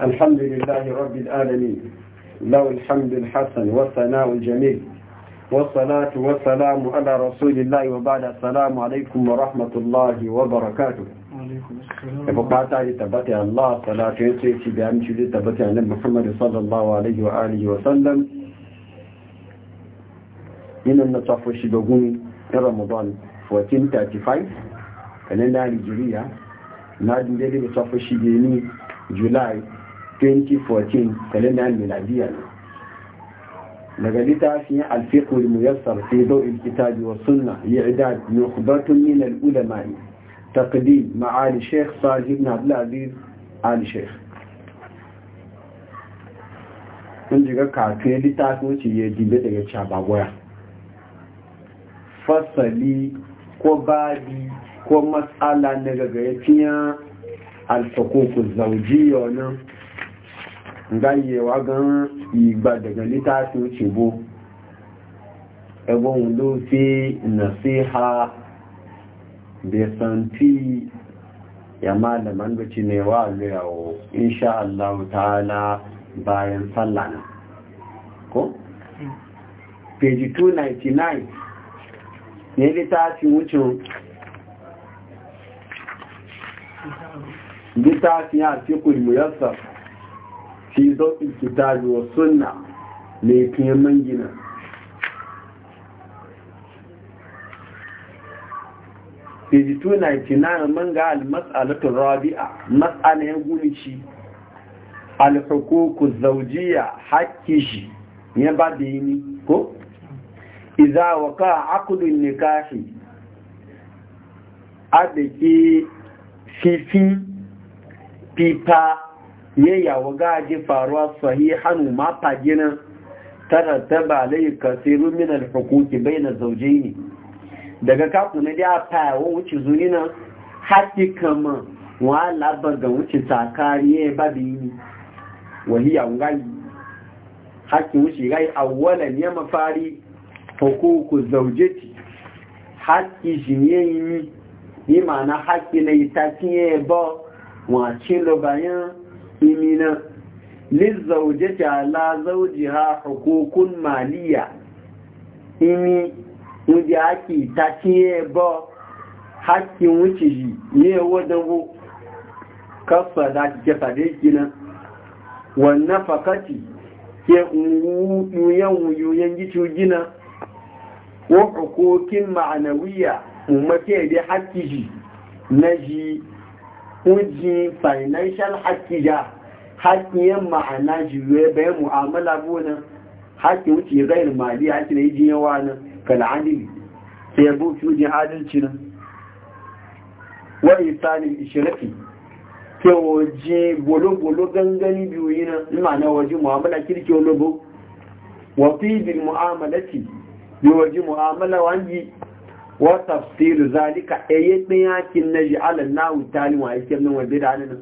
الحمد لله رب العالمين له الحمد الحسن والثناء الجميل والصلاة والسلام على رسول الله وبعد السلام عليكم ورحمة الله وبركاته وبقاتا لتبتع الله صلاة محمد صلى الله عليه وآله وسلم النصف الشبهون رمضان 1435 كان لنا نادي july 2014 kalendar miladiya ne daga littafin alfiqul muyassar fi dawil kitabi wa sunna i'dad nukhbatun min al ulama taqdim ma'ali sheikh salih ibn abdul aziz al sheikh kun jiga kafin littafin wuce ya dibe daga chabagoya fasali ko babi ko matsala na gagaya alfakoku zaujiya nan ganyewa gan igba daga littafin cibo Ebe ló fi nasiha besanti ya malaman gaci ne wa alayawo insha Allah ta'ala bayan sallana ko? page 299 ne littafin wucin littafin ya fi kulmuyarsa fi zaɓin kitabi wa sunna mai fiye mangina Page 299 manga al-mas'alatu rabi'a mas'alan shi. al-huququ zawjiyya haqqi shi ya yini, ko idza waqa aqdu nikahi adaki fifi pipa yayyawa gaji faruwa sahihan ma fagina tarattaba alayhi kasiru min al hukuki bayna zawjaini daga ku ne da fa wuce zuni nan haƙi kama wa labar ga wuce tsakariye babi wahiya ngai hakki wuce gai awwalan ya mafari hukuku zawjati hakki jinyeni ni hakki ne na itakiye ba wace da bayan imina lizaujati ala zawjiha hukukun maliya imi wuje ta ciye ba hakin wuce shi ne wadon bu kafa da ke fade kina wannan fakati ke yuyen gicu gina wa hukukin ma'anawiya umarke da hakki shi na shi kuji financial ya hakkiyan ma'ana jiwe bayan mu'amala gona haki wuce zai mali hakki na yi jiyewa nan kal'adili sai ya buci wujin adalci nan wani isanin ishirafi ke waje bolo-bolo gangani biyu yi nan ma'ana waje mu'amala kirki wani bu wafi bin mu'amalati bi waje mu'amala wani wa tafsiru zalika eye tsayakin na ji'ala nahu talin wa yake nan wanda da nan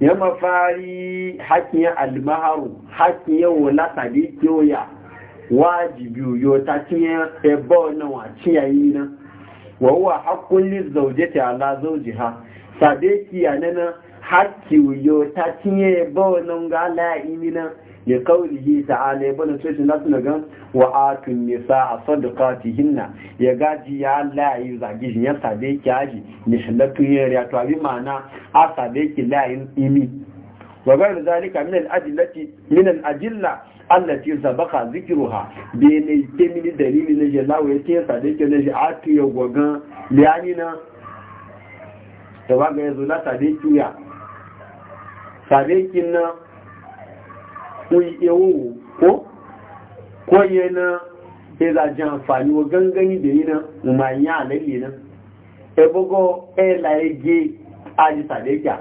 ya mafari hakin ya almaharu hakin ya wala tabi kyoya wajibi yo ta tiyan ebo na wa ciyayi na wa huwa haqqun li ala zawjiha sadeki ya nan hakki yo ta ebo na ga la'imina li qawlihi ta'ala ya bana sai na nasu gan wa atun nisaa sadaqatihinna ya gaji ya Allah yi zagi shi ya sabe ki aji ni halatu ya ya to abi mana a sabe ki la yin imi wa da zalika min al-adillati min al-adilla allati sabaqa dhikruha bi ne kemini dalili ne ya lawo ya sabe ki ne ji atu ya gogan liyani na tawaga ya zo la sabe ki ya sabe ki na ewu ko ko yana ya zaji amfani wa gangani da yi nan umarni a lalle nan ebogo ela ege aji sadekya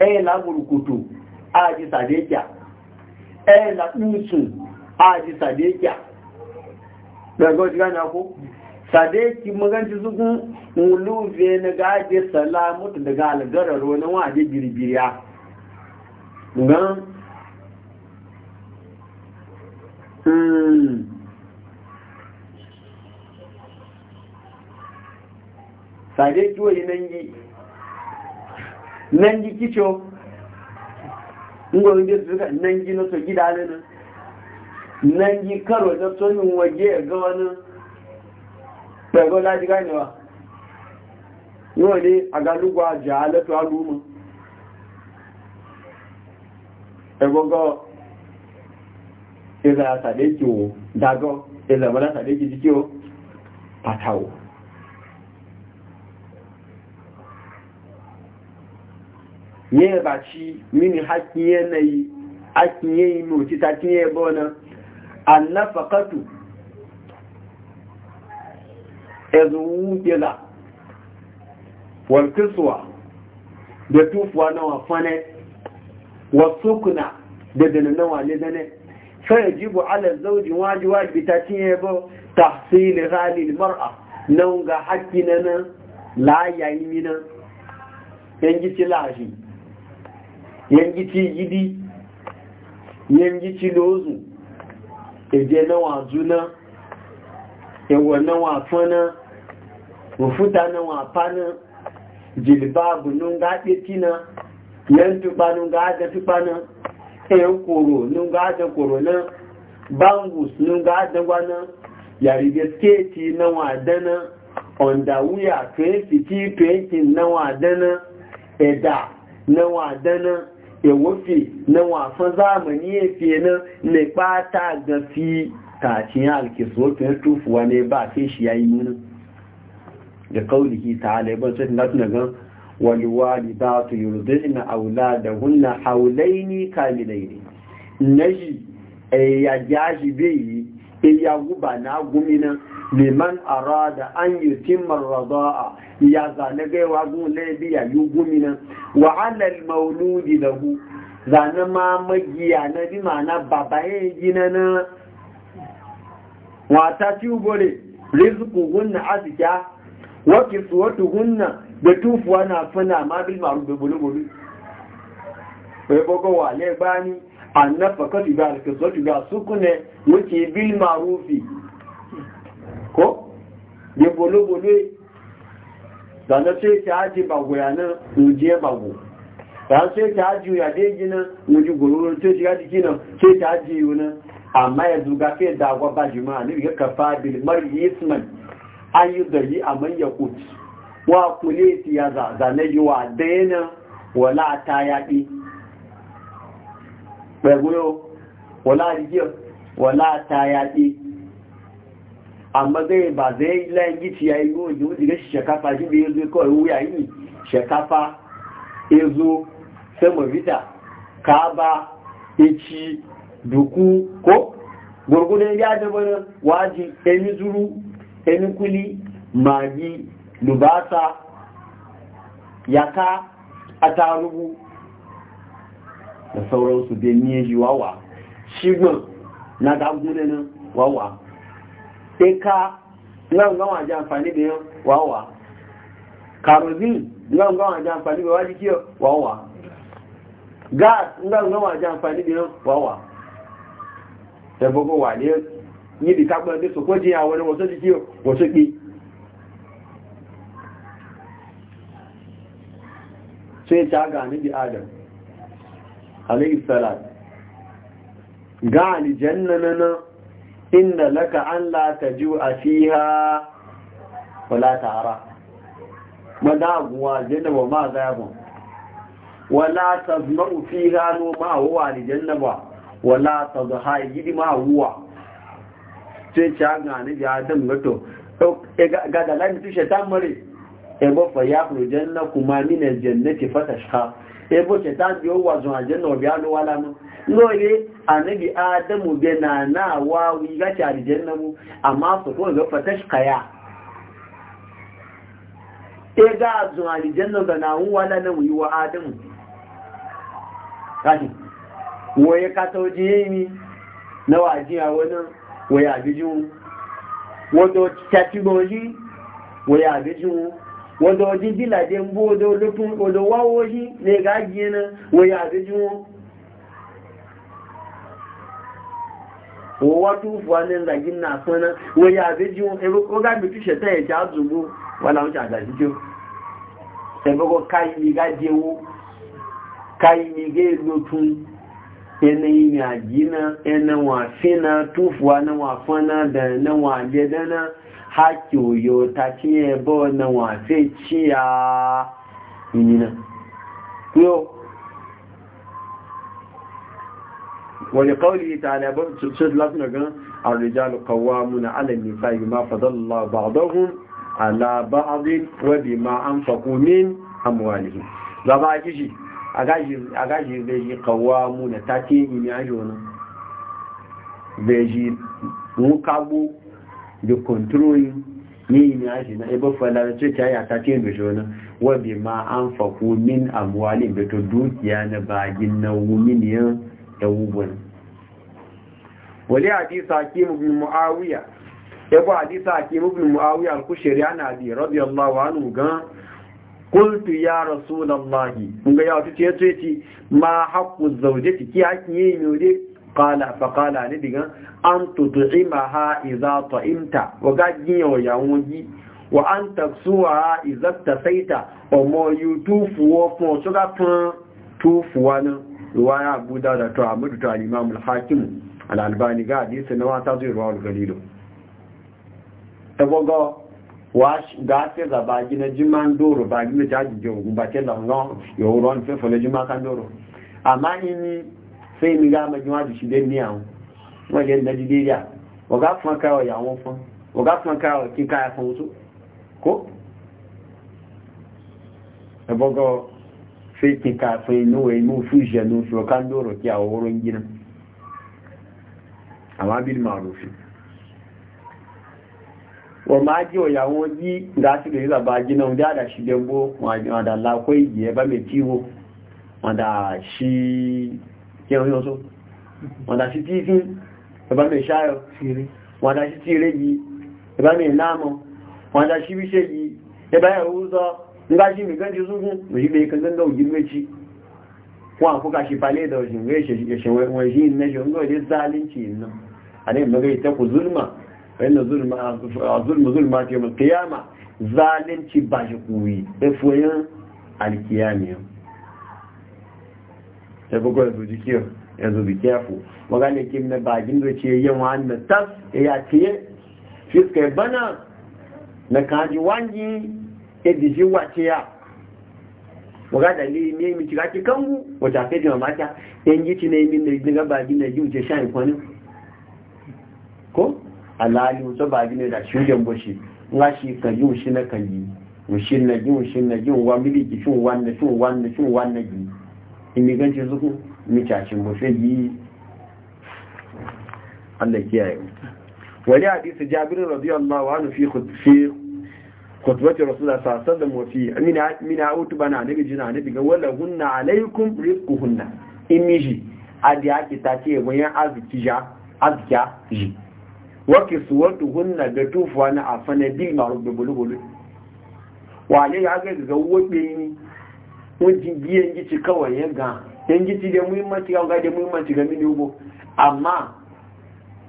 ela burukutu aji sadekya ela usun aji sadekya daga ji gane ku sadeki maganci zukun muluve na gaje salamutu daga algarar wani waje biribiriya gan Hmm. sade tuwo yi nangi nangi kicho ngwai da suka nangi na to gida nan nangi karo da tonin waje ga wani pẹ̀gọ́ láti gáìnàwà níwọ̀n ní àgálùgbà jà lẹ́tọ̀ alúmọ̀ ẹgbọ́gọ́ iza ya sade ki wo dago iza mala sade ki jiki wo patawo ye ba ci mini hakki yanayi hakki yayi mu ci ta kiye bona annafaqatu ezu kila wal kiswa da tufuwa na wafane wasukuna da dalilin wa ne da ne فيجب على الزوج واجب واجب تتيب تحصيل غالي المرأة نونغا حكينا لا يمينا ينجي تلاجي ينجي تيجي ينجي تلوزو ejena wa juna ewana wa fana mufuta na wa fana نونغا nunga tetina yantu banu ɗayan koro nun ga koro na bangus nun ga da gwanan yari da sketi na wadana ondawuya 20 20 na na ẹ̀dà na wadana ewofe na wafan zamani efe na nipa ta gafi tashin alkisofin tufuwa ne ba sai shi ya yi nuna da kaulihi ta alaibar sai na tunagan Waliwali za ta yarda na aula da kunna aulaini kaminai, na shi e ya gashi bai yi, in ya guba na gumi na, liman ara da an ginsu marar da yana zane gaiwa ko gumina ya yi gumi na, wa'alal mauludi da ku? Zanen ma magiya na zama na babban gina na? Wata t'u bari, rizik'u kunna aske! Wattice watu kunna. da tufuwa na fana ma bil ma'ruf da bai wa le bani annafa ka tuga da ka tuga su kune wuce bil ma'rufi ko da bulubulu da na ce ki ti bago ya nan muje bago da sai ki haji ya dai gina muje gororo sai ki haji kina sai ki haji yuna amma ya zuga kai da mar'i wa kule ya zane yi wa daina wala ta yaɗi ɓagulo wala rigiyar wala ta yaɗi amma zai ba zai layin giti ya yi goji wuce ga shekafa shi da ya zo kawai wuya yi shekafa ya zo samovita kaba ici duku ko gurgunan ya da wani waji emi zuru emi kuli magi lubasa yaka atarugu da sauransu da yi wawa shigbon na gagune nan wawa eka nan ji amfani da yin wawa kerosene nan ji amfani da waji kiyo wawa gas nan ji amfani da yin wawa ta wa ne yi da kagbọn da su kwaji a wani wasu jikiyo wasu ƙi sai ta gani bi adam alayhi salat gani jannana inna laka an la tajua fiha wala tara madaguwa aljanna wa ma za mu wala tazma'u fiha no ma huwa aljanna ba wala tadha yidi ma huwa sai ta gani bi adam gato ga da lamitu tushe mare ebo fa ya kuru janna kuma mina jannati fatashqa ebo ce ta biyo wa zuwa janna biya lo wala mu lole anabi adamu be na na wa wi ga ta janna mu amma su ko ga fatashqa ya e ga zuwa janna ga na wala na wi wa adamu kashi waye ka tauji mi na waji a wani waye abijin wato ta ci goji waye abijin wanda wajen bilaje mbu wadda wawo shi ne ga ajiye na waya a gaji wọn wọ́wọ́ tó fún wa ní na náà fún náà waya a gaji wọn ẹgbẹ́ kọ́gá mi tó ṣẹ̀tẹ́ ẹ̀tẹ́ àzùgbò wà láwọn ṣe àdájí tó ẹgbẹ́ kọ́ káyí mi gá jẹ owó tún ẹni ìrìnàjí náà ẹni wọn àfin náà fún wa náà wọn àfọ́n náà dẹ̀ náà haƙiyoyo ta cinye bọ́ na wọ́n fẹ́ ci ya yìnyínà yóò wani kawai ta alabar cikin latin gan arijalu kawamu na alami fayi ma fadalla ba don ala abin wabi ma an fakumin amwalihim za ba a shi? a gashi zai yi kawamu na ta ce yi ne a yi wani zai yi mukagbo da controlling ni ne aji na ebe fala ce ta ya ta ce da jona wa bi ma an faku min amwalin da to dukiya na bagin na wuminiyan da wubun wali hadisi hakim ibn muawiya yabo hadisi hakim ibn muawiya al-kushari ana bi radiyallahu anhu gan qultu ya rasulullahi kun ga ya tuce ce ma haqqu zawjati ki yi ne ne qala fa qala ni diga an tud'imaha idha ta'imta wa gajin yo yawunji wa an taksuha idha tasaita o mo yutufu wo fun so ga fun tufu wa na riwaya abu dawud to to al-imam al-hakim al-albani ga hadisi na wa ta ga ke ron sai mi ga ma shi ni awon won le na jide ya ga fun ka ya fun o ga fun ka o ki ka fun ko e bogo sai ki ka fun inu e mu fu je nu so kan ki a woron gina amma bil ma'ruf wọ́n máa jí ọ̀yà wọn jí ìdásí lè rígbà bá jíná ń dáadà sí dẹ́gbó da àdàlá kó ìyẹ́ bá mẹ́ kí ẹ̀rọ yóò só wọ́n dá sí tífí ẹ̀bá mi ṣáyọ̀ wọ́n dá sí tíire yìí ẹ̀bá mi wọ́n dá sí wíṣẹ́ yìí ẹ̀bá ẹ̀rọ sọ nígbà sí súnkún òṣìlẹ̀ kankanlọ́ òjì wọ́n àkókà da bugu da zuji kiyo ya zubi kefu magana ke na bagin da ce yin wani na tas ya ce fiska bana na kaji wangi ya diji wace ya waga dalili ne mi kira ki kangu wata ke jima mata yan gici ne min da daga bagin da ji wuce shan kwani ko alali wuce bagin ne da shugen boshi nga shi ka yi wushi na kan yi wushin na yi wushin na yi wa mili ki shun wannan shun wannan shun wannan ji imiganci zuku micacin bufe yi Allah kiyaye wani hadisi jabirin radiyallahu anhu fi fi khutbati rasulullah sallallahu alaihi wasallam wa fi amina amina utbana nabi jina nabi ga wala hunna alaikum rizquhunna imiji adi ake ta ce wayan azuki ja azkiya ji wa kiswatuhunna da tufuwa na afana bil ma'ruf wa ne ya ga ga wobe wajen biyan gici kawai ya ga yan gici da muhimmanci ga da muhimmanci ga mini ubo amma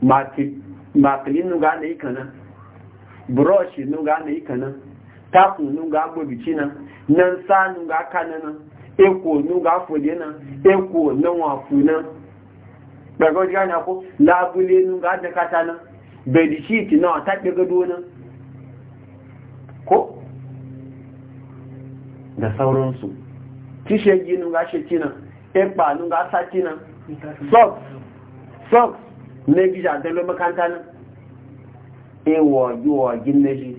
makilin nuga na yi kanan brush nuga na yi kanan takun nuga agbobici nan nan sa nuga kanan eko nuga fode nan eko nan wafu nan gbagbo jiga na ko labule nuga dakata nan bedsheet náà tàbí gado nan ko da sauransu tíṣẹ́gì inú ga ṣe tínà ẹpà inú ga sá tínà socks socks méjì àtẹ́lọ mẹ́kántá náà ẹwọ̀ yíwọ̀ ọ̀gí méjì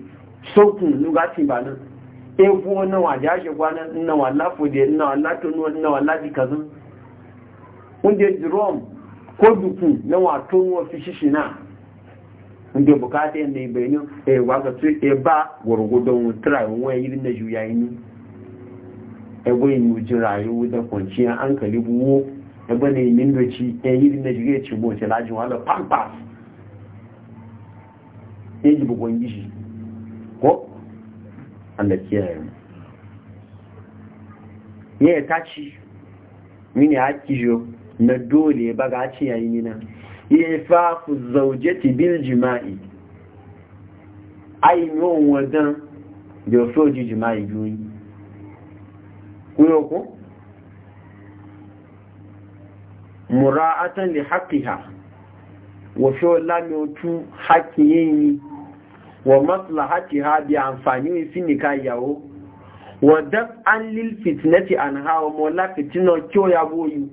sókùn inú ga tìbà náà ẹkùn náà àjáṣẹ́kwá náà wà láfòdè náà látọ́nú láti kàzán oúnjẹ drum kódùkùn náà tó wọ́n fi ṣíṣì náà na bukata ẹ̀nà ebe yin wuji rayu da kwanciyar hankali buwo ebe na yi mindoci ɗan yi na jirage ci bo ce lajin wala pampas ya ji bugon gishi ko allah kiyaye mu ya yi taci mini haki jo na dole ba ga ci yayi nina ya yi fafu zaujeti bil jima'i ainihin wadan da soji jima'i biyu kuyoko mura'atan li haqqiha wa fi lami otu haqqi yi wa maslahatiha bi amfani fi nika yawo wa daf an lil fitnati an mo la fitino kyo ya boyu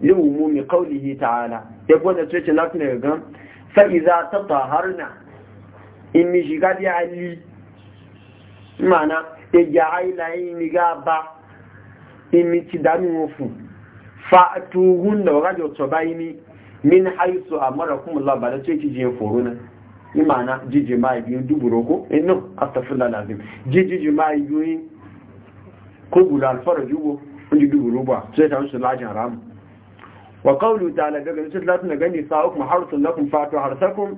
li umumi qawlihi ta'ala ko gwada ce ce lafiya gan fa iza tataharna in mi shiga ali mana ẹ̀yà àìlà ìnira bá imi ti dánú wọn fún fàtúhún na imi min haisu a marakun labarai tó ti jẹ fòrò náà imana jíjì máa ìgbìyàn dúgbòrókó inú e astafirla lazim jíjì máa ìgbìyàn kóbùlù alfọ́rọ̀ júgbò oúnjẹ dúgbòrógbà tó ẹ̀ta ń sọ lájìn àrámù wa qawlu ta'ala daga sa'ukum harsun lakum fatu harsakum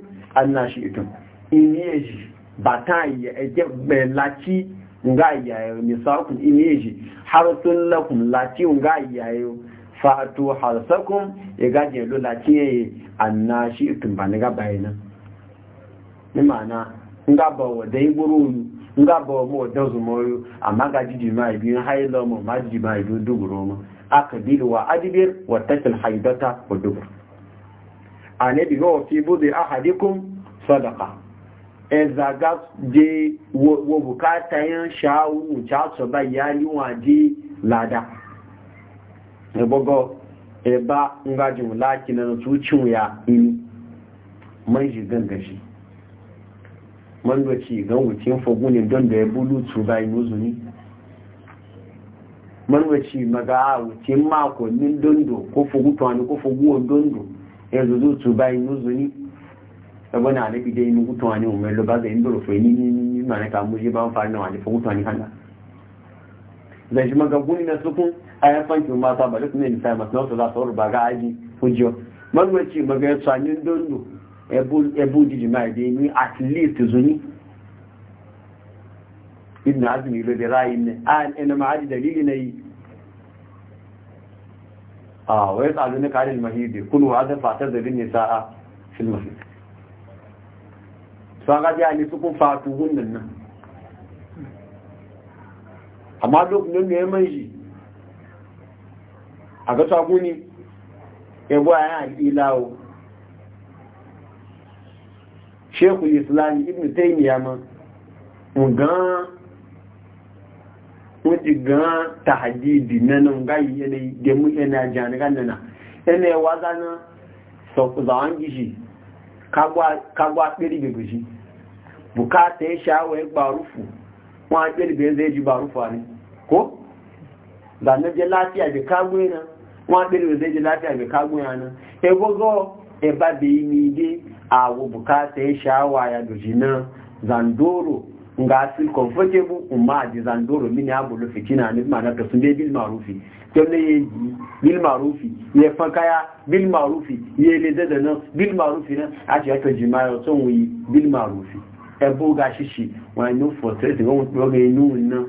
in nga iyayo misakun imeji harsun lakum lati nga iyayo fatu harsakum ya e gaje lo lati yayi annashi tun ba ga bayina ni mana nga ba wa dai buru nga ba mo da zumoyo amma ga jiji mai biyu hailo mo ma jiji mai biyu duguro mo akabil wa adbir wa takil haidata wa dubur anabi wa fi budi ahadikum sadaqa ezaga je wo bukata yin sha'u jaso ba yali waje lada ebogo eba ngajin laki na tucin ya ini man man ya bulu tu bayan uzuni man doci maga a wucin makonnin dondo ko fagu tuwani ko faguwan dondo ya zuzu uzuni ẹgbọ́n náà níbi dé inú kútùn wa ní òun mẹ́lọ bá zẹ̀ ń bẹ̀rọ̀ fẹ́ ní nígbà nípa mújí bá ń fa náà àti fún wa ní kàndà zai shi magagun na sukun a yan fankin mata ba duk ne da sai masu nasu za su ruba ga aji hujjo magwaci maga ya tsanin dondo ebu jiji mai da yi at least zuni ibn a ina ma'adi dalili na yi a wai tsalo na karin mahidi kun wa zafa ta zarin ne sa'a fil sun gaji a nufin fatu hunnan nan amma lokacin da ya manji a ga tsaguni ebo a yan ilawo shekul islami ibn taimiyya ma tahadidi nanan gayi yanayi mu yana jani ganana yana kagwa ɗiribe guji bukata ya e sha'awa ya barufu kuma ɗiribe zai ji barufa ne ko? zanen je lafiya bai kago yana lafiya bai kago yana ebogo eba yi ni dai awo bukata e ya sha'awa ya guji na zandoro nga su comfortable umma di zandoro mini abulu fitina ne ma na to sun bil marufi to ne yi bil marufi ye fankaya bil marufi ye le da na bil marufi na a ti jima jimayo so wi bil marufi e bo ga shishi wa no for three ti won pro ga na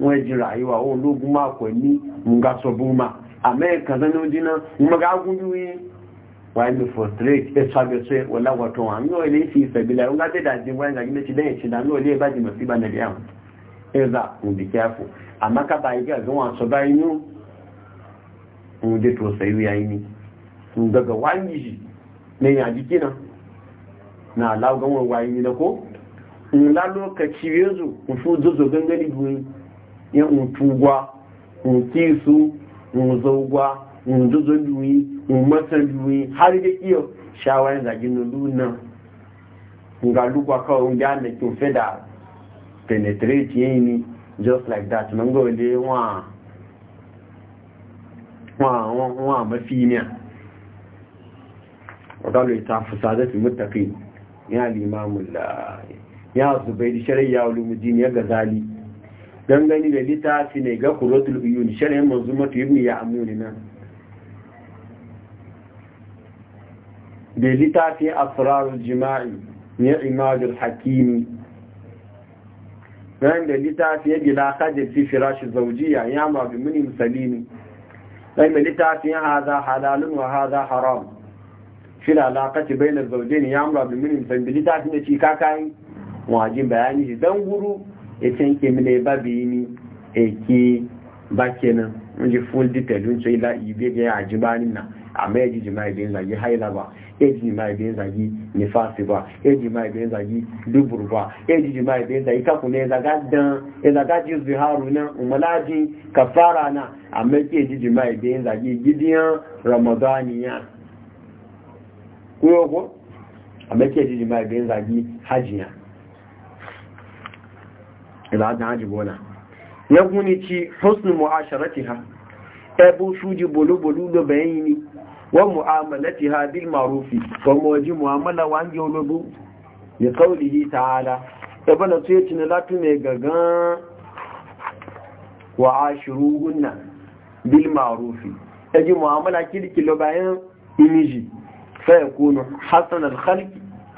won ji rayuwa o logun ma ko ni nga so buma america na no na mo ga gunju wọ́n mi frustrate ẹ̀sọ́ abẹ́sọ́ ọláwọ̀tọ̀ wọn ní ọ̀lẹ́ ìfì ìfẹ̀bílẹ̀ ọ̀gá tẹ́dà jí wọ́n ẹ̀gà gílẹ̀ ṣìdá ìṣìdá ní ọ̀lẹ́ ìbá jìmọ̀ sí ìbànẹ̀bí àwọn ẹ̀zà will be careful àmá wọn sọ ni na aláwọ̀ wọn wá yìí lọ́kọ́ ńlá ló kẹ̀kí zozo ndozon duwi umarsan duwi har da iya shawarar zagin na luna ga lugwa kawai ya na kin fi da penetrate yi ni just like that man go le wa wa wa mafi ne wadalo ita fusada fi muttaqin ya limamul ya zubairi shari'a ulumuddin ya gazali dan gani da littafi ne ga kuratul uyun shari'a manzumatu ibn ya'mun nan da littafin asrarul jima'i ya imadul hakimi ɗan da littafin ya bila kajin fi firashi zaujiya ya mabi muni musalini ɗan da littafin haza halalun wa haza haram fi da alaƙaci bainar zaujini ya mabi muni musalini littafin da ci kakayi wajin bayani shi don guru ya canke mine babi ni eke bakenan wajen full detail wajen ila ibe ga ya ajibanin nan amma yaji jima'i da yin zagi haila ba yaji jima'i da yin zagi nifasi ba yaji jima'i da yin zagi dubur ba yaji jima'i da yin zagi kaku ne ya zaga ji ziharu na umalaji kafara na amma ke ji jima'i da yin zagi gidiyan ramadaniya kuyo ko amma ke ji jima'i da yin zagi hajiya ila hajji hajji bona ya guni ci husnu mu'asharatiha ẹbú ṣújì bolúbolú ló bẹ̀yìn ni wa mu'amalatiha bil ma'rufi wa mawaji mu'amala wa ngi olobu ya kaulihi ta'ala bana su yace na latu ne gagan wa ashiruhunna bil ma'rufi yaji mu'amala kirki bayan imiji fa yakunu kunu al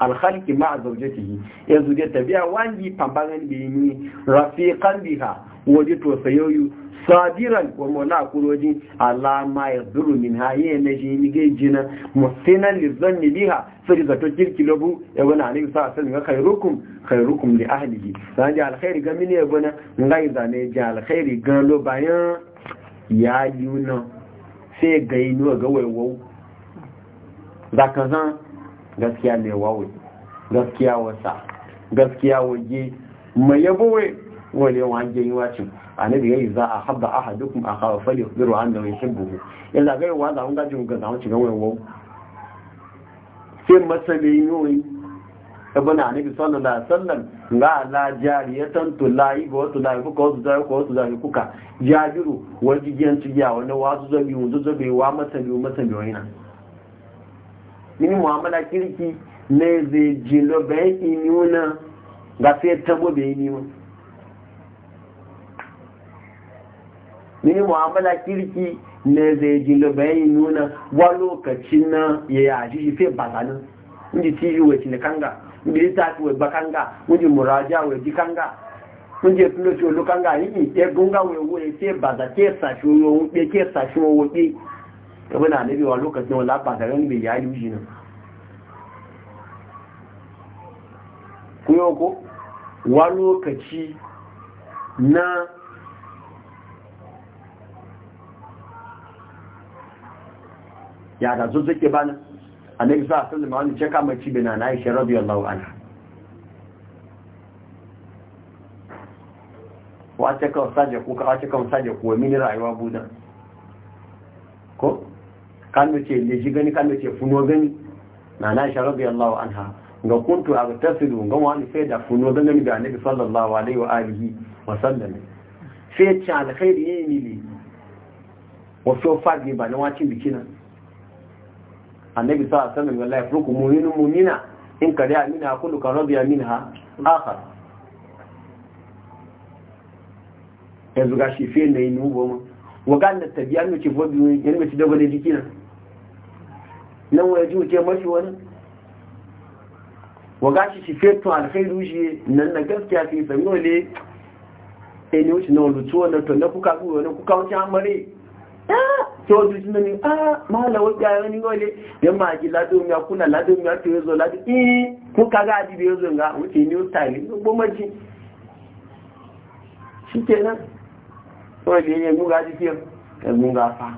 alhalki ma a zaujatihi yanzu da tabiya wangi pambangan bi ni rafiqan biha waje to sayoyu sadiran wa mona kuroji ya zuru min haye na shi ni gai jina musinan li zanni biha sai zato kirkilo bu ya bana ne sa sai ga khairukum khairukum li ahlihi sai alkhairi ga mini ya bana ngai zane ga alkhairi ga lo bayan ya yuno sai ga ga waiwau zakazan gaskiya mai wawai gaskiya wasa gaskiya waje mai yabo wai wani yawan yi wacin a nabi yayi za a haɓa a haɗukun a kawo fali zuru an da wani shi buhu ya zagaye wa zaun gajin ga zaun shiga wani wau sai masalin yoyi ibn anabi sallallahu alaihi wasallam la la jariyatan tulai go tulai ko ko da ko wasu ko kuka jajiru wajiyan tiya wani wazu zabi wuzu zabi wa masalin masalin yoyi na. mini mu'amala kirki ki, zai jilo bayan inuna ga sai tabo bayan inuna mini mu'amala kirki ne zai jilo bayan inuna wa lokacin na ya yashi shi sai bazanin inji tv wace ne kanga inji littafi wai bakanga ndi muraja wai kanga ndi tí ló ṣe yi yìí ìtẹ́gúngà wẹ̀wọ̀ ẹ̀ tí ẹ̀bàdà tí ẹ̀sàṣòro ohun pé tí ẹ̀sàṣòro owo pé game na nabewa lokacin wala ba tare ne mai yayi wuji nan kuyo ko wa lokaci na ya da zo ba bana annabi sa ma wani cika mai bina na aisha radiyallahu anha wace kan saje ko ka wace kawai saje ko mini rayuwa budan ko kano ce leji gani kano ce funo gani na na isha rabbi an anha ga kuntu a ga tasiru ga wani sai da funo gani da annabi sallallahu alaihi wa alihi wa sallam sai ce alkhairi ne mili wasu fadi ba na wacin bikina annabi sallallahu alaihi wa laifin ku mu'minu mu'mina in kare amina kullu kan radiya ha akhar yanzu gashi fiye da yi nubo ma wa ganin an yi ce fobi yanzu ce dogale nan. nan wa ji wuce mafi wani Wa gashi shi fetu alkhairu shi nan na gaskiya fi sami wale e ne eh, wuce na walutu wannan to na kuka kuka wani kuka wuce amare ta ah! wasu shi nan ah, a mahala wajen ya wani wale yan ma ji ladon ya kuna ladon ya to ya zo ladon ii eh, kuka ga adi da ya zo nga wuce new style gomaji shi ya yi ne muga ji fiye eh, ga muga fa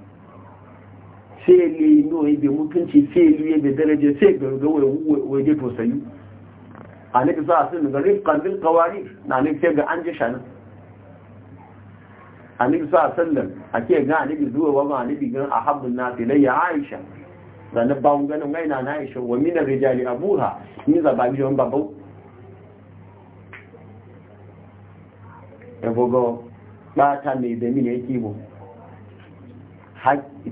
fele ino ya bai mutunci fele ya bai daraja sai garga waje to sayu a nufi za a sun ga rifkan bin kawari na nufi sai ga an ji shanin a nufi za a sallan a ke gan a bi zuwa wa ma a bi gan a habbin na filai ya aisha da na bawon ganin gaina na aisha wa minar rijali abuha ni zaba biyan babau ya bugo ba ta mai da mini yake bu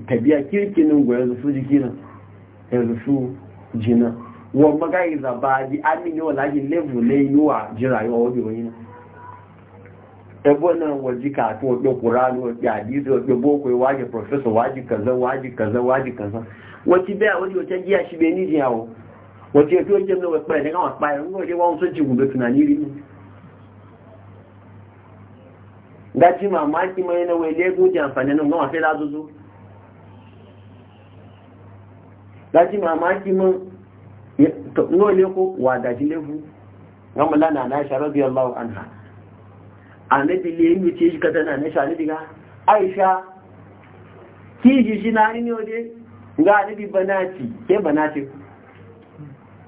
tabiya kirkinin go yanzu su jiki nan yanzu su jina Wa maga iza ba di wa lagi levu yiwa ji rayuwa wani na ebo nan waji kafin wabe kuranu wabe hadisi wabe bokwai, waje professor waje kaza waje kaza waje kaza wati bẹ́ẹ̀ waje ti wọ́n shi bai àṣìbẹ̀ ní ìyàwó wọ́n ti ẹ̀tọ́ jẹ́ mẹ́wàá pẹ̀lẹ̀ ní káwọn pààrẹ̀ ń gbọ́dẹ̀ wọ́n tó jì tunani tùnà ní rí mú dájí màmá kí mọ́ ẹnẹ́wọ̀ ilé ẹgbẹ́ òjì daji mamaki mun nole ko wa daji lefu gama lana na aisha radiyallahu anha annabi le yi ce ka tana na aisha diga aisha ki ji shi na ni ode ga annabi banati ke banati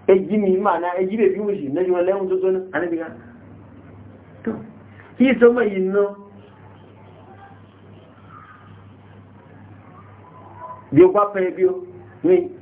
e gini ma na e gibe biyu shi na jiwa lewun to zona annabi ga to ki so mai no bi o pa pe bi o ni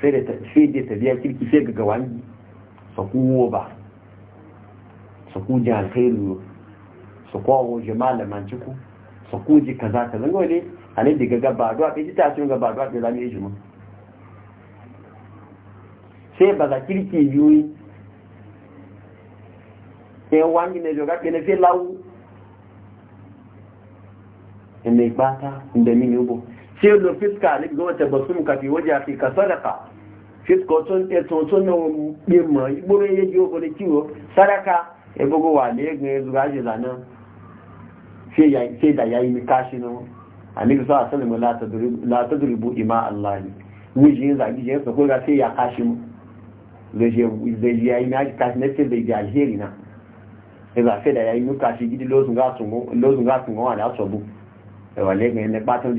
sai da biya kirki sai ga gawangi sakuwo ba saku ji alkhairu saku awo jama'a da ciku saku ji kaza kaza ga wani a ne daga gaba a ɗaya ta da gaba duwa ɗaya zami ejimin sai ba za kirki yiwu sai wani na joga ke na fi lawu ne mai bata inda min yubo sai lo fiska ne ga wata basu mu kafi waje a fi ka fiskọ ya ń tẹ̀tún tó ya gbé mọ̀ ìgbóró yé jí ogun ní kíwò sáraka egbogbo wà lẹ́gbẹ̀ẹ́ ẹzùgbà jìlá náà ṣe ìdàyà ji káṣí náà àníkùsọ́ àṣẹ́lẹ̀mọ́ látọ́dùrìbù ìmá aláàrí wíjì ń zàgíjì ń sọ̀kọ́ láti yà káṣí mú lèṣe ayé náà káṣí náà ṣe lèṣe àṣírí náà ẹzà ṣe ìdàyà yìí káṣí gidi lóṣùn gáàtùn wọn àdásọ̀bù ẹ̀wà lẹ́gbẹ̀ẹ́ ẹni pátán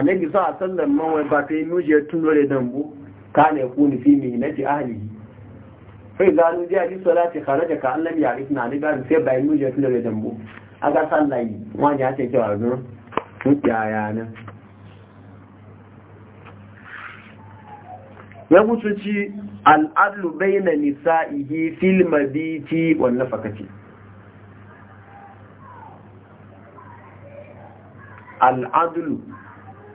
gisa a sallar mawai ba ta yi nujiyar tun dole dambu kana yakunu fi za a fa idza nudiya li salati kharaja ka an lam ya'rifna ni gari sai bayan nujiyar tun dole dambu sallar yi wani ya ce cewa zo mutiya yana ya mutu ci al'adlu nisa nisa'ihi filma biti wan fakaci al'adlu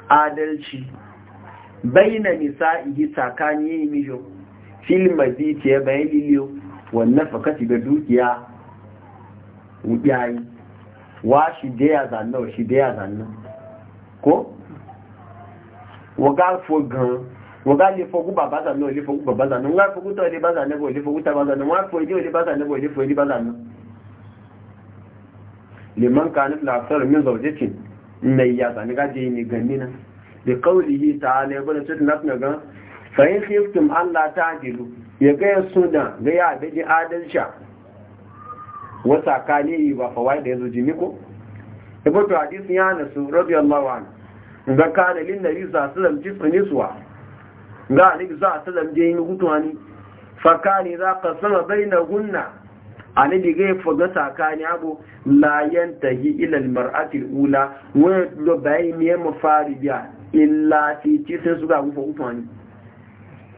adalci baina nisa'ihi tsakani yayi mijo fil maziti bayan liliyo wannan fakati ga dukiya wuyayi wa shi da zanna wa shi da zanna ko wa fo guta le baza ne bo baza no wa fo baza ne baza liman kanat min mai ya sami gaje ne gani na da kaulihi ta ala ibn sud na na ga fa in khiftum ta ta'dilu ya ga suna ga ya da ji adalsha wata kale ba da yazo jini ko ibo to hadisi ya na su radiyallahu anhu ga kana lin nabi sallallahu alaihi wasallam tisniswa ga nabi sallallahu alaihi wasallam je ni hutuani fa kana idza qasama bainahunna anabi ga faga sakani abu la yantahi ila almar'ati alula wa lo bayin ne mafaribiya illa ti ti sai su ga gufa gufa ni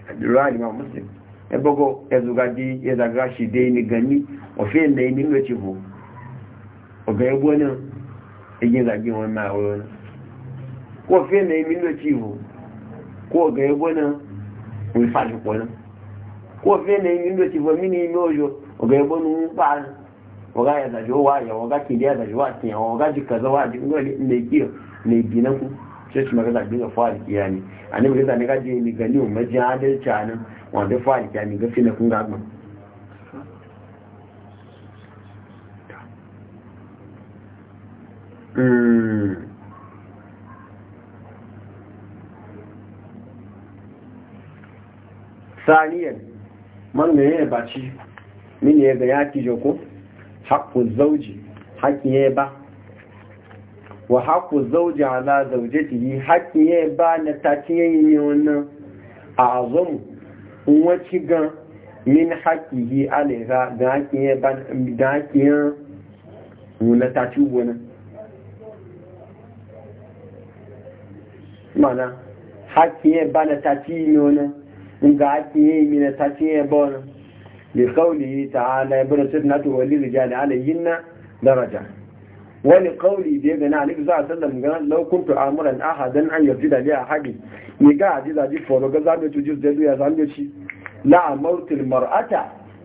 adira imam muslim e bogo e zuga di e daga shi dai ni gani o fe ne ni ngwe ti fu o ga ebo ni e yin da gi won ma o ko fe ne mi ngwe ti fu ko ga ebo na o fa ju ko na ko fe ne mi ngwe ti fu mi ni mi ojo ọ̀gá ẹgbẹ́ ní ń pa ọ̀gá ẹ̀dàjọ́ wà yà ọ̀gá kìdí ẹ̀dàjọ́ wà tìyàn ọ̀gá jù kàzọ́ wà jù lẹ́bí na ku sai su magana ga yani kiyami annabi da ne gaje ni gani mu majin adalci anan wanda fa'al yani ga fina kun ga mun hmm. saniyan man ne ba baci min ya ga ya fi ko haƙƙun zauji haƙƙin ya ba wa haƙƙun zauji ala zauje ta yi haƙƙin ya ba na taƙi ya yi wannan a azamu wacce gan min haƙƙi yi alaiza ga haƙƙin ya ba da haƙƙin ya wuna taƙi wani mana haƙƙin ya ba na ya yi wani ga haƙƙin ya yi na taƙi ya ba wannan لقوله تعالى ابن سيدنا وللرجال عليهن درجة ولقوله بيبنا عليه صلى الله عليه وسلم قال لو كنت آمرا أحدا أن يفجد لي أحدي نقاعد إذا جي فولوغا زامي تجوز دلو يا زامي شي لا موت المرأة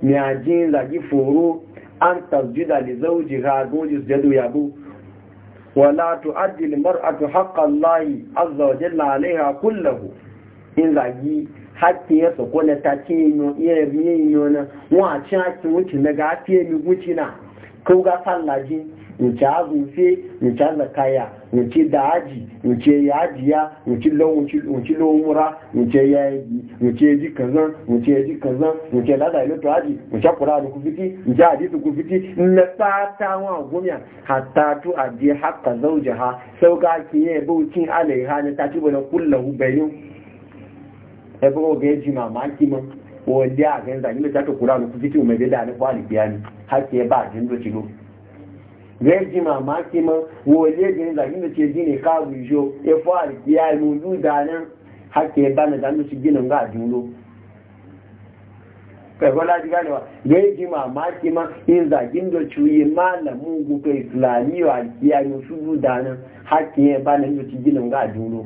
ميعجين زاجي فورو أن تسجد لزوجها جوجز دلو يا بو ولا تؤدي المرأة حق الله عز وجل عليها كله إن زاجي hakki ya sako na ta ce yiwu iya biye yiwu na cin hakki wuce na ga fiye mi wuce na ko ga sallaji wuce azunfe wuce zakaya wuce daji wuce yajiya wuce lomura wuce yayi wuce ji kazan wuce ji kazan wuce lada iloto aji wuce kura da kufiti wuce hadisi kufiti na fata wọn gomiya hatta tu aje haka zaujaha sau ga ke yi bautin alaiha na ta ci bane kullahu bayin ẹgbẹ́ oge eji ma ma kí mọ́ wọ́n lé àgbẹ̀ ńlá nílò jákè kúrò àlùkù títí òmè lé dáa nípa àlùkìyà ni a ti ẹ bá ma ma kí mọ́ wọ́n lé àgbẹ̀ ńlá nílò ti ẹjí ní káàbù ìṣó ẹfọ́ àlùkìyà ni ba dáná a ti ẹ bá nàdá ga ti gbìnà ńlá àjẹ́ ńlọ. wa rẹ́jì ma ma kí mọ́ ńlá nílò ti yẹ máa nà mú gbogbo ìsìlámù àlùkìyà ni ojú dáná a ti ẹ bá nàdá nílò ti gbìnà ńlá ga ńlọ.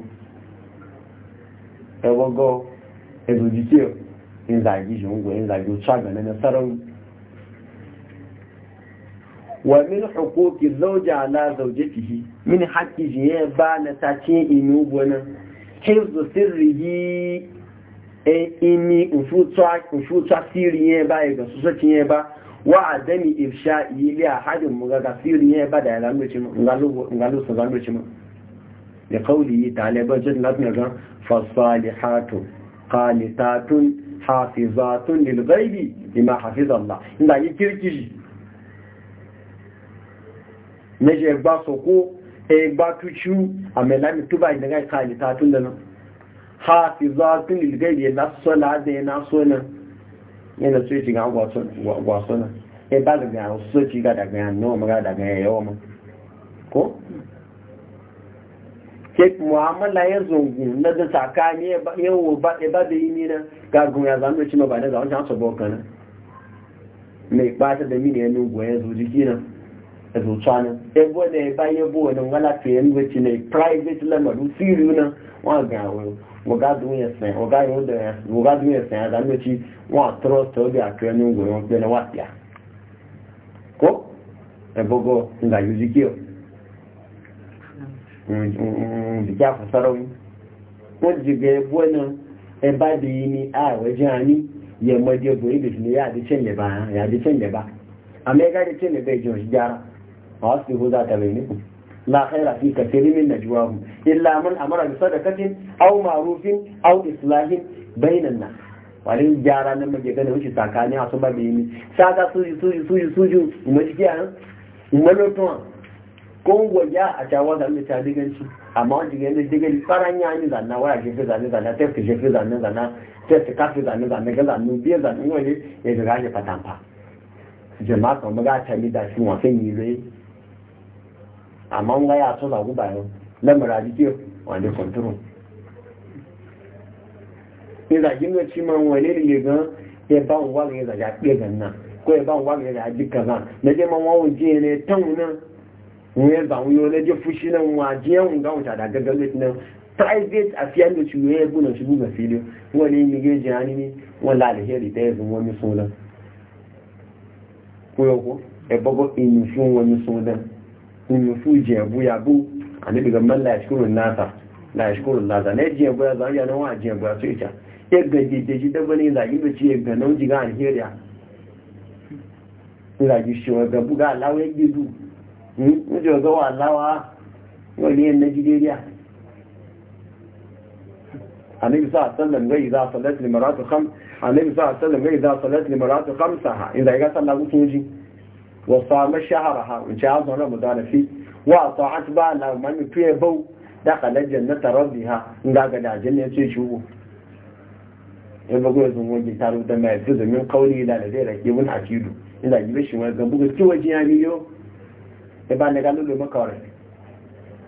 ẹ̀wọ́ gan ezu jike in zagi shi hungu in zagi wuce ga na nasarau wa min hukuki zauja ala zaujatihi min haƙƙi shi ya ba na sace inu gwana hifzu sirrihi e imi ufuta sirri ya ba e wa a mu ga sirri da ya mu mu da qalitatun hafizatun lil ghaibi bima hafiz Allah inda yi kirkiri meje gba soko e gba tuchu amela mi tuba inda qalitatun da hafizatun lil ghaibi la sala da na sona yana so yi ga gwa sona e ba da ga so ci ga da ga no ma ga da ga yawa ma ko ke mu'amala ya zungu na da tsakani ya wo ba ba da yi na ga gun ya zama cin ba da zaman su boka na me ba ta ya nugo ya zo na nan ya zo tsana e bo ne ba ya bo nan ne private na wa ga wo wo ga ya wo ga yo wo ga ya da wa to na wa ya ko e bogo ìjà kò sọ́rọ̀ yìí wọ́n ti gẹ̀ ẹgbọ́ náà ẹ bá di yìí ni ààrẹ jẹ́ àní yẹmọdé ọgbọ̀n ibi ìfìlẹ̀ yà àdé tẹ̀lẹ̀bà yà àdé ìjára wọ́n sì hó dáadáa lẹ́yìn nìkan لا خير في كثير من نجواهم إلا من أمر بصدقة أو معروف أو إصلاح بين الناس wani a sun babu yini sa ga kongo ya a cewa da mai taliganci amma wanda ya ne daga tsaran ya yi zanna waya jefe zane zanna tef ka jefe zane zanna tef ka kafe zane zanna ga zannu biya zannu wani ya ga gashi fatamfa jama'a kan maga ta mi da shi wasan yi rai amma wani ya so zagu bayan lamara jike wani kwanturu ni zagin da ci man wani ne ga ya ba wani ya zaga ɗaya ganna ko ya ba wani ya zaga jika zan na je man wani je ne tan nan wuyan ba wuyo na je fushi nan wajiyan ga wuta da gaggaga nan private affair da ciwo ya guna shi buga fili wani mi ge jani ni wala alheri da yanzu wani suna ko e bago inu fun wani suna inu fu je bu ya bu ani daga man la shukuru nasa la shukuru ne je bu ya za na wa je bu ya so ita ga je je da bane za yi da ci ga nan ji ga alheri ya ila ji shi wa ga buga lawe gidu mijo zuwa lawa waliyan najidiriya annabi sallallahu alaihi wasallam gai za salat limaratu kham annabi sallallahu alaihi wasallam gai za salat limaratu kham saha idan ga sallah ku tunji wa ba shahara ha in ci azu da na jannata rabbiha inda ga dajin ne ce shugo in bugu ya zumo ji taro da mai zuzumin kauri da da zai rage mun akidu inda gibe shi wani zambuga ciwo jiya biyo ẹba nẹga ló lè mọ́kà rẹ̀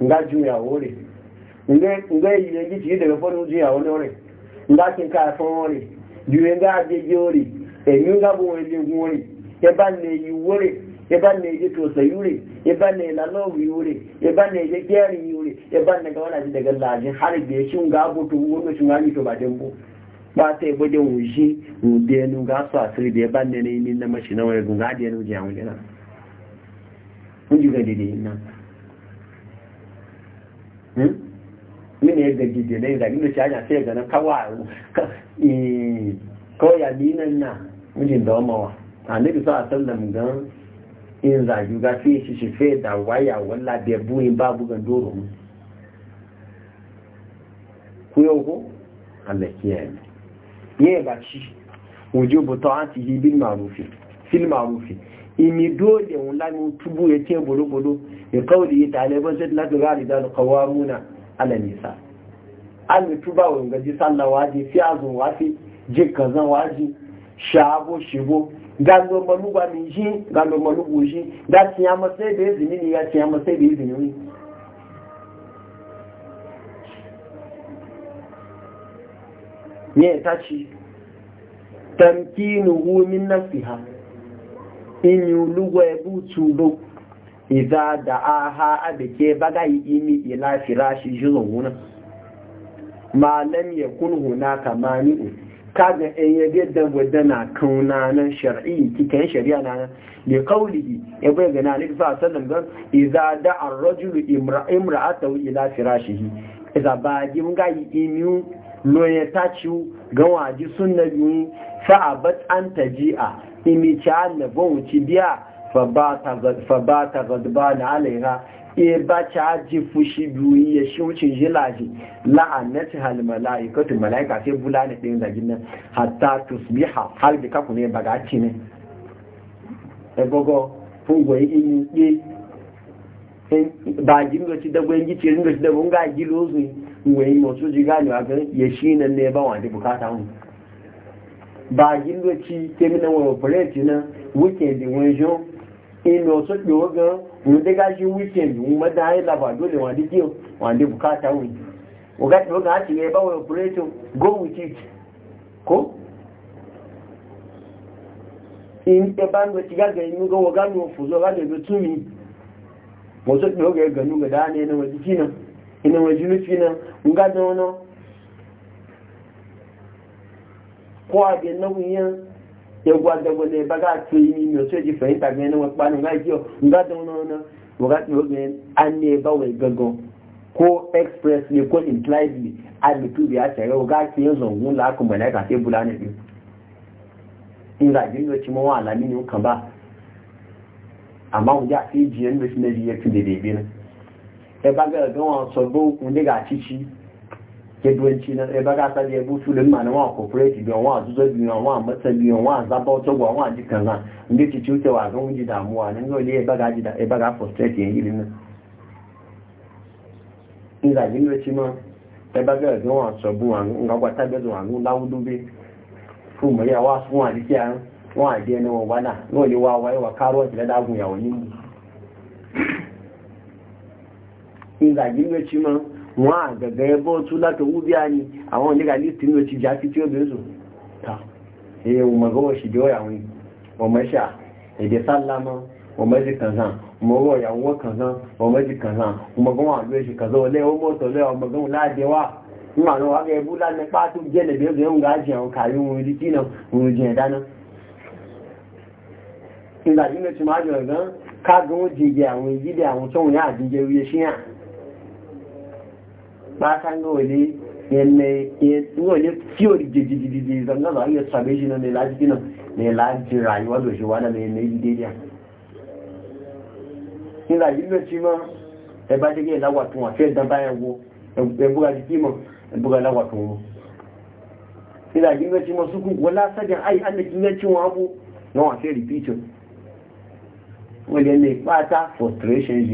ńgá ju ìyàwó rẹ̀ ńgá ìyẹn jí tìí dẹ̀rẹ̀ fọ́nù rẹ̀ ńgá kí n ká fọ́n rẹ̀ ju ẹ̀ngá agbègbè rẹ̀ ẹ̀mí ńgá bó wọn léegun rẹ̀ ẹba nẹ ìwó rẹ̀ ẹba nẹ ìdí tó àti dẹ̀gẹ̀ làájì hàrìgbè e ní tó bàjẹ́ ń bó bata ya gwajen wuji rudenu ga su asiri mun ji ga dede nan min hmm? eh, ya ga dede ne da ni ci sai ga na kawa eh ko ya dinan na mun ji da mawa annabi sallallahu alaihi wasallam ga in za ju ga fi shi shi fe da waya walla da buyin babu ga doro mu ku yau ko Allah kiyaye ne ba ci wujubu ta'atihi bil ma'ruf fil ma'ruf imi dole hun lamin tubu ya ce buru-buru ya kawai yi taliban sai na tura da kawo muna ala nisa an yi tuba wa gaji sallah waji fi azun wafi je kazan waji shabo shibo gano malu ba min shi gano malu bu shi da tiya masai da izini ne ya tiya masai da izini ne ne ta ci tamkinuhu min nasiha inyi lugo ebu tubo iza da aha abike baga yi imi ila firashi jizo wuna ma kun yakun hunaka mani'u kaga in yabe dan wadana kauna nan shar'i kikan shari'a nan li qawlihi ya bai ga nabi sallallahu alaihi wasallam dan iza da ar-rajulu imra'atahu ila firashihi iza ba gim ga yi imiu lo ya tachu ga waji sunnabi fa'abat an taji'a imi ci annabon wuci biya fa ba ta gadba na alaiha e ba ci haji fushi biyu ya shi wucin jilaji la'annati hal mala'ikatu mala'ika sai bula ne ɗin zagin nan hatta tusbiha har da kaku ne baga ci ne egogo fungoyi in yi ba gindo ci dagwai gici rindo ci dagwai ga gilo su wai masu jigani a ya shi nan ne ba wani bukata mu ba gindoci terminal wa na weekend wajen ino so pe ogan wọ́n dé gáṣí weekend wọ́n mọ́dá ayé labà dé bukata wọ́n ọ̀gá tí ó gá ti rẹ̀ báwọn go with it kó in ẹbá ń lọ gágẹ̀ inú gọ́wọ́ gánú òfòsọ́ gánú ẹ̀lọ tún mi mọ́ sọ pé ó gẹ̀dá ní náà ko a da nauyin ya gwada gwada ba ga ce yi mai sai e ji fahimta ga yana wasu ɓanin ga jiyo ga da wani wani ga ta yau an ne ba wai gago ko expressly ko impliedly a mutu biya ta yau ga ce yin e ka bula ne biyu in e ga jin yau ci mawa alami ne kan ba gawa sabbin kun cici kedwanci na ɗaya baga asali da ya butu lin mana wa corporate biyan wa bi biyan wa matsa bi wa zaba wata gwa wa ji kaza inda ci cuta wa zan ji damuwa nan yau ne ya baga ji da ya baga frustrate yin ilin nan in da jin race ma ya baga ga wa sabu wa ga gwata ga zuwa nun lawu dube fu ya wa su wa ji kiyan wa ji e ne wa wana no ne wa wai wa e karo da dagun ya wani in da jin race ma wọn àgàgà ẹbọ tún láti owó bí a ní àwọn oníga lítì ní oṣù jáfi tí ó bẹ̀rẹ̀ sùn ta èyí wọn mọ̀gọ́ wọ́n ṣìjọ́ àwọn ọmọṣà èdè sálámọ́ ọmọdé kànzán ọmọwọ́ ìyàwó kànzán ọmọdé kànzán ọmọgọ́ wọn àlọ́ èṣù kànzán ọlẹ́ ọmọ ọ̀tọ̀lẹ́ ọmọgọ́ wọn láàdẹ bakan gole yenne wole e, fiyori jijijiji zanga za a sabe na mai laji gina mai laji rayuwa da shi wani mai mai daidai ni la yi lọsi ma ẹ bá dé yẹ láwà tún àfẹ dábà yẹn wo ẹbúra e, e di kíma ẹbúra láwà tún wọn ni la yi lọsi ma sukun wọn lásàdé ayi anaki lẹsi wọn abo náà wọn àfẹ rìpítọ wọn lè ta frustration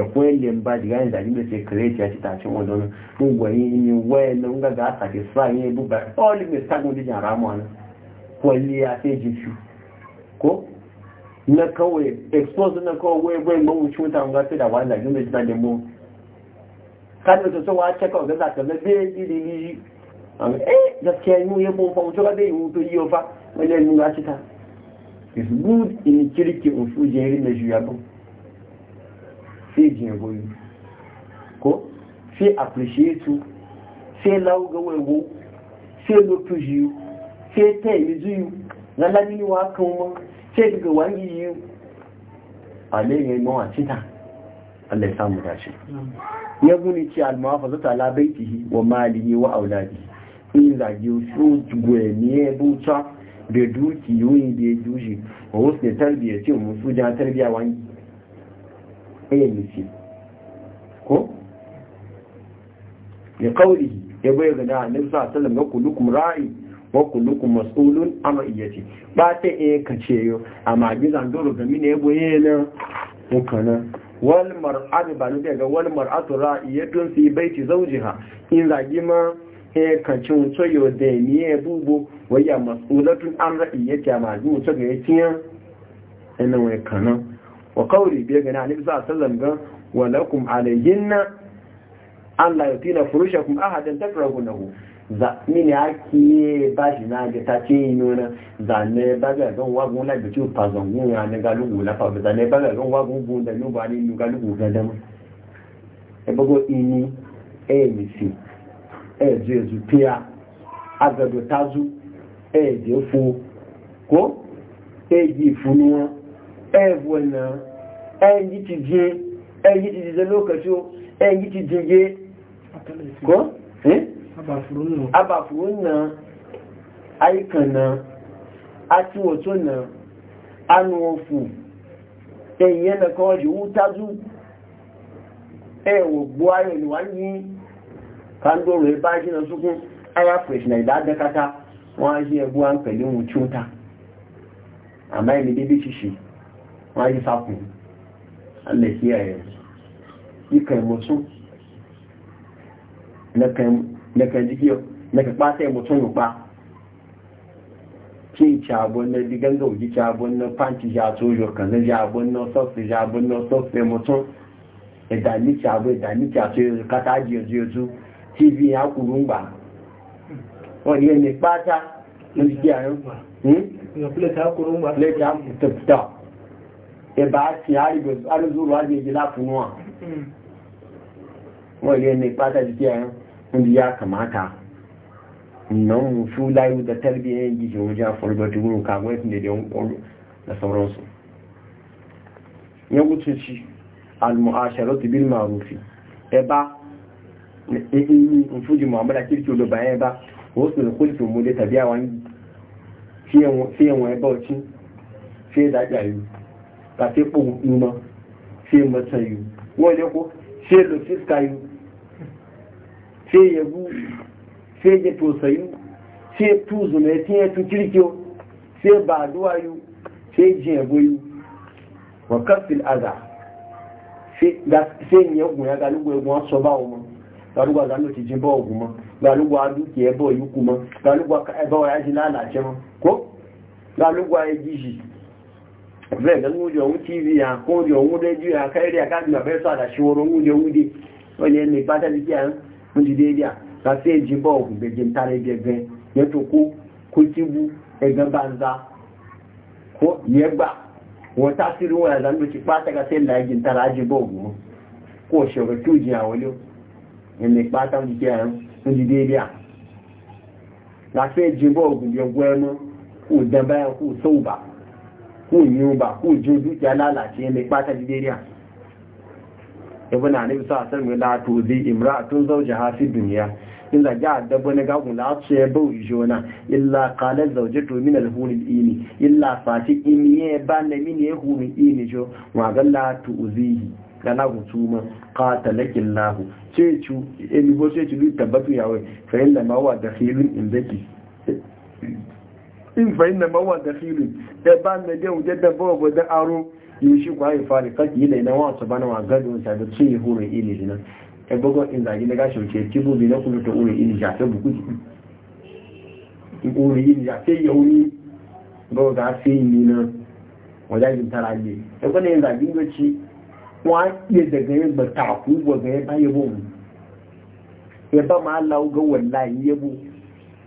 ẹ̀kọ́ ilẹ̀ ń bá jìgá ìdájú lè ṣe kìrẹ́ẹ̀tì àti tàṣí wọn lọ́nà mo wọ̀ yín ni wọ́ ẹ̀ lọ ń gàgà àtàkì fúra yín ẹbú bá ọ́ọ̀lì mi ságun díjà ara mọ́ ọ̀nà pẹ̀lú àfẹ́jì ṣù kó na kawai expose na kawai wai bai mawu cuta ga sai da wani lagin da jita nemo kan da sosowa a cika ga zaka na bai yi da yi eh gaskiya yi ya mun fa wuce ga bai yi to yi fa wani yanzu ga cita is good in kirki in su jerin na shugabin sai jin goyi ko sai appreciate sai lauga wewo sai lotu jiyu sai ta yi jiyu na lamini wa kan mu sai daga wangi yiwu a ne yi mawa cita allai samu dace ya guni ce almawafa zata labaitihi wa malihi wa auladi in zage su ne buta da dukiyoyi da ya juji wa wasu ne tarbiyya ce musu jan tarbiyya wangi ayyamici ko ya kauri ya bai gada a nufsa salam ga kulukun ra'i wa kulukun mas'ulun ama iya ce ba ta iya kace yau amma gizan doro ga na ya boye na mukana wal mar'atu ba ni daga wal mar'atu ra'iyatun fi baiti zawjiha in zagi ma ya e kancin tsoyo da ni ya bubu waya mas'ulatun an ra'iyati ma ni tsoga yatiya ina wai kana wa kauri biya gani annabi sallallahu alaihi wasallam gan wa lakum na an la yutina furushakum ahadan takrahunahu za mini aki ba shi na ga ta ce yi nuna za ne ba ga gan wagun la bi tu pa zangun ya ne ga lugu la fa za gan wagun bu da lu ba ni lu ga lugu ga da mu e bago ini e mi e je pia agado tazu e je fu ko e ji funu e bu e na ɗayan yi ti je ɗayan yi ti je lokaci ɗayan yi ti je ko? eh? abafurun nan anu ofu ɗayan yana kawai ẹ̀wọ̀ gbọ́ ayọ̀ ìlúwà ní kandoro ẹbá jína na ìdádẹ́kátá wọ́n á yí ẹgbọ́ à ń pẹ̀lú ohun tí ó ta àmá ẹni débí ṣíṣe wọ́n á yí Allah kiyaye yi kai mutu na kan jikiyo na ka ɓata ya mutum ba ki jabon na digan gauji jabon na panci ja sojo kan na jabon na sofi jabon na sofi mutum ìdàní jabon ìdàní jaso kata jiyoji ojú tv ya kuru ń gbà wọ́n ni ẹni pátá lórí jẹ́ àyọ́ ẹ̀bá ti arúgbòrò agbègbè láfúnúwà wọ́n ilé ẹni pátàkì tí ẹ̀yàn ń bí ya kamata nan musu layu da tarbiyyar yin gijin wajen a fargatu wurin kagwaitin da yan kwallo da sauransu ya wuce shi al-mu'asharatu bil ma'rufi ẹba in fuji mu'amala kirki da bayan ba wasu da kulki mu da tabiya wani fiye wani bauchi fiye da yi. kàtí pò ìmọ̀ ṣe mọ̀tàn yìí wọ́n lè kó ṣe lò sí ṣka yìí ṣe yẹ̀bú ṣe jẹ tó sọ yìí ṣe túzù mẹ́ tí ẹ̀tù kíríkí o ṣe bà àdúwà yìí ṣe jẹ ẹ̀bọ yìí wọ́n kẹ́fìl àgà ṣe yẹn gùn yàgà lúgbọ̀ ẹ̀gbọ́n sọ bá wọn mọ́ galuwa zanu ti jin bọ́ ogun mọ́ galuwa dúkìá ẹbọ yìí kú mọ́ galuwa ẹbọ ẹjì lálàjẹ mọ́ kó galuwa ẹjì yìí bẹ́ẹ̀ gan mújọ ohun tv àkóòdì ohun rédíò àkẹ́rẹ́ àkájùmọ̀ bẹ́ẹ̀ sọ àdàṣe oorun oúnjẹ oúnjẹ oúnjẹ ní pátẹ́lì tí a ń dìde rí à láti èjì bọ́ ògùn gbèjì ń tàrí gẹ̀gẹ́ yẹ́tò kó kó tíbú ẹ̀gán bá ń za kó yẹ́gbà wọ́n tá sí ríwọ̀n ko ló ti pátákà sí ẹ̀là ẹ̀jì ń tàrà ájì bọ́ ògùn mọ́ kó ṣòro tí ó jẹ a kú yíun ba kú jí dúkìá lálàtí mai pátá liberiya ibi na nufi sa sarmi lato zai imra tun zauje hafi duniya in zage a dabba na gagun latu ya bau ijona illa kalar zauje to min ini illa fati ini ya ba na min ya hunin ini jo magan lato zihi kana gutuma qatalakin lahu ce cu in go ce cu tabbatu yawe fa inda ma wa dakhilun in zaki ifa inna ma da filin da ba na da wuje da ba ba da aro yi shi kwa yi fari yi da ina wasu bana wa gado ta da tsaye huru ili dina e bugo in zagi na gashi wuce kibu bi na kuma ta uri ili ja ta buku in uri ili ja ta yi huri ba ga sai ni na wajen tara ne e kuma in zagi ngoci wa ya daga yin ba ku ba ga ya ba yabo ya e ba ma Allah ga wallahi yabo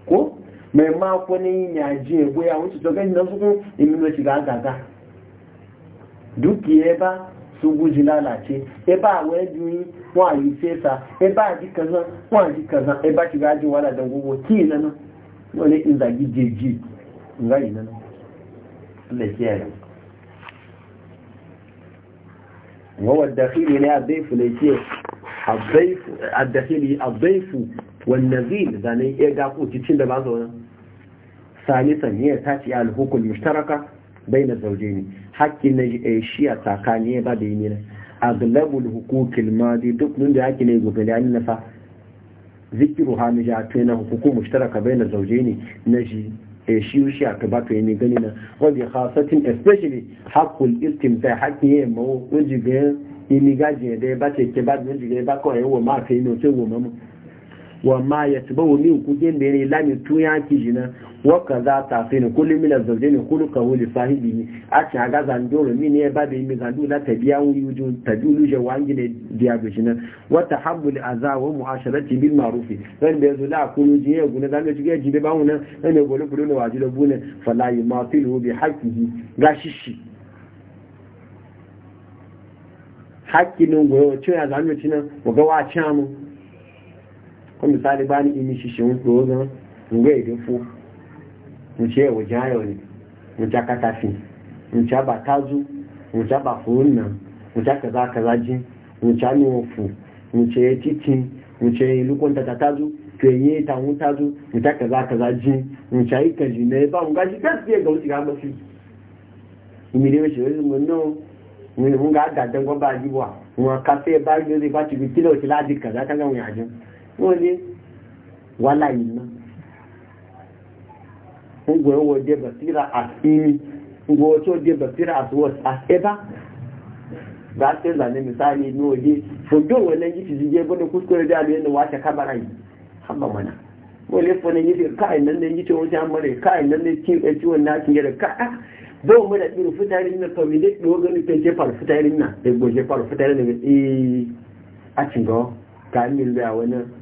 ko mai mako ne yi ne ajiye goya wuce to gani na suku imino shiga gaga dukiya e ba su guji lalace e ba wani juyi wọn a yi fesa e ba ji kazan wọn a ji kazan e ba shiga ajiye wala da gugu ki na nan wani in zagi jeji in yi na nan Allah ya kiyaye wa wadda khili ne a zaifu ne ke a zaifu wanne zai zanen iya gafo cikin da ba su wani sami sanye ya tashi ya alhukun mishtaraka bai na zauje ne haƙƙi na eh, shi a tsakani ya ba da yi nila a galabul hukukin maji duk nun da haƙƙi na yi gobe da yanin nafa zikiru hannu ya tuyi na hukukun mishtaraka bai na zauje ne na eh, shi a shi a kaba ka yi ne gani na wanda ya hasatin especially haƙƙun iltim zai haƙƙi ya yi mawa wajen ga yin imigajin ya dai ya ce ke ba da wajen ga yi ba kawai yi wa ma'a fi yi mai wajen wa mamu wa ma ya tuba wa min kuɗin da yanayi lamin tu ya ki jina waka za ta fi ni kullum mina zaune ne kullum ka wuli sahibi ni a ci a ga zandoro mini ya e ba da yi zandu na tabiya wuyi wujin tabi luje wa an gina biya ga shi nan wata habbul aza wa mu'asharati bil ma'rufi zan da yazo la kullu ji ya e gune zan da ji jibe ba mu nan zan da gole ne waji da bune fala yumatilu bi haqqihi gashi shi hakkinin goyo cewa zan da cinan wa ga wa camu ko misali ba ni imi shi shi wuto zan nga idan fu mu ce jan jayo ne mu ta kata fi mu ta ba tazu mu ta ba fu nan mu ta kaza kaza jin mu ta ni fu mu ce titin mu ce ilu kon ta tazu to yi ta mu tazu mu ta kaza kaza jin mu ta yi kan ne ba mu ga shi gaskiya ga wuce ga mafi imi dai shi wani mun no mun ga dadan gwa ba jiwa mun ka sai ba yi zai ba ci bi kilo shi ladi kaza kaza mu yajin wọ́n lé wàhálà yìí ná ń gbọ́ wọ́n dé bàtírà àfihàn as gbọ́ tó dé bàtírà àfihàn àfẹ́bá gaskiyar zane misali ni waje wannan gifi jige bane kuskure da yadda wace kabara yi haba mana wale fonan gifi kai nan ne gifi wajen amare nan ne ciwon na cikin yadda ka'a na kawai da ɗuwa gani ta na a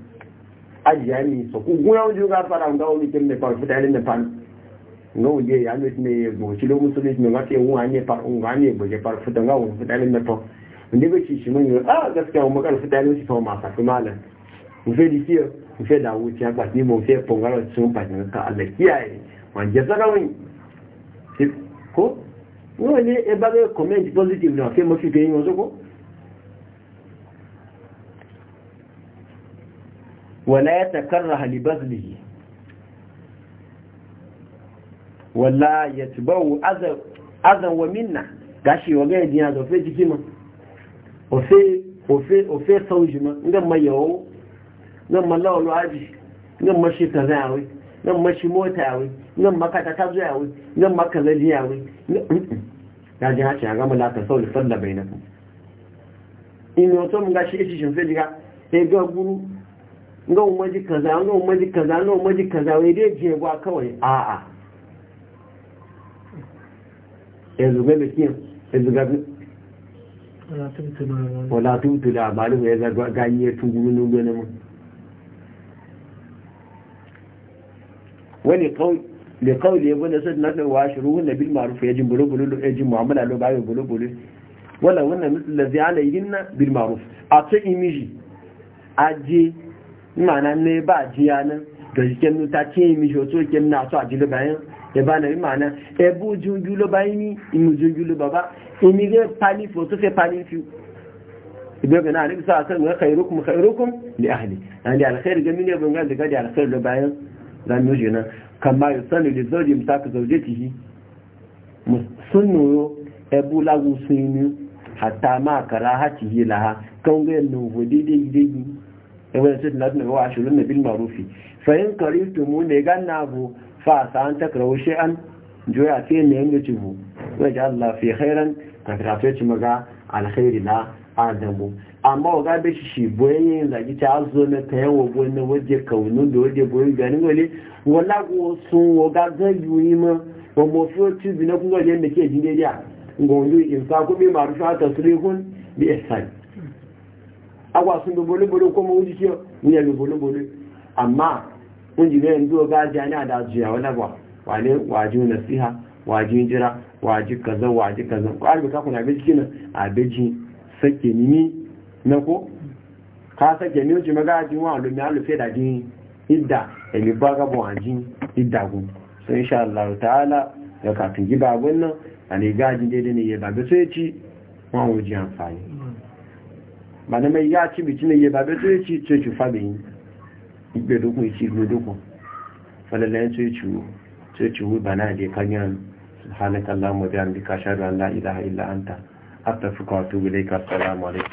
ajiya ni so ku gura wani ga fara ga wani kin ne futa fitalin ne fan no je ya ne ne go shi lo musulmi ne ga ke wa ne far un ga ne boje far fitan ga ne to inda ba shi shi mun a gaskiya mu kan fitalin shi to ma sa kuma lan mu fe di kiyo mu fe da wuce ya kwati mu fe pongaro sun pa ne ka kiyaye wan je ko wani e ba ga comment positive na fe mo fi ke yin wazo ko wala ya takarraha li bazlihi wala yatbau azan azan wa minna gashi wa gaya dinya zo fe jikima ofe ofe ofe saujima ngam mayo ngam malawu aji ngam mashi tazawi ngam mashi mota yawi ngam makata ta zo yawi ngam makaza ji yawi gaji ha ce ga mala ta sauli salla bainakum in yoto mun gashi ishi shin fe diga sai ga guru ga umarji kaza ga umarji kaza ga umarji kaza wai dai je gwa kawai a'a yanzu e e ga yanzu ga wala ne ya zarga ganye tuguru nugo ne mu wani kawai kawai ya bude sai na wa shuruhun na bil ma'ruf ya jin bulubulu ya jin mu'amala lo bayo bulubulu wala wannan misal ladzi alayhinna bil ma'ruf a imiji mana ne ba jiya nan da jikin nuta ce mi shoto ke na so a jilo bayan ya e ba na yi mana ebu jun julo bayan ni imu jun julo baba imi zai pani fo to sai pani fi ibe ga na ne bisa san ga khairukum khairukum li ahli yani alkhair ga mine ban ga daga alkhair lo bayan zan yi jina kama yusanu li zawji mtaka zawjatihi sunnu ebu lagu yi hatta ma karahatihi laha kan ga nuhu dai dai ibn sa'd na wa ashurun bil ma'rufi fa in qaritum ne ganna bu fa sa an takrawu shay'an joya ce ne yin ci bu wa ja Allah fi khairan ka grafe ci maga khairi na adamu amma ga be shi boye da ki ta zo ne ta yawo bo na waje kaunu da waje boye ganin wale wala go sun wo ga ga yuyi ma wa mo fi ci bi na kun ga yanda ke jinde dia ngonju in sa ku bi ma'rufa sulihun bi ihsan agwa sun bolobolo ko mu jiki ni ya bolobolo amma mun ji ne ndo ga jani a da jiya wala ba wale waji nasiha waji jira waji kaza waji kaza ko arbi ka kuna biji kina a biji sake ni na ko ka sake ni ji maga ji wa lu mi alu fe da ji idda e mi baga bo anji idda go so insha Allah ta'ala ya ka tingi ba wannan ani gaji daidai ne ya ba yi ci wa wuji amfani mana mai ya ci bici ne ya babe to ya ci ce ci fabe yi igbe dokun ya ci igbe dokun falalayen to ya ci to ya bana da ya kanyar ilaha illa anta astaghfiruka wa atubu ilayka alaikum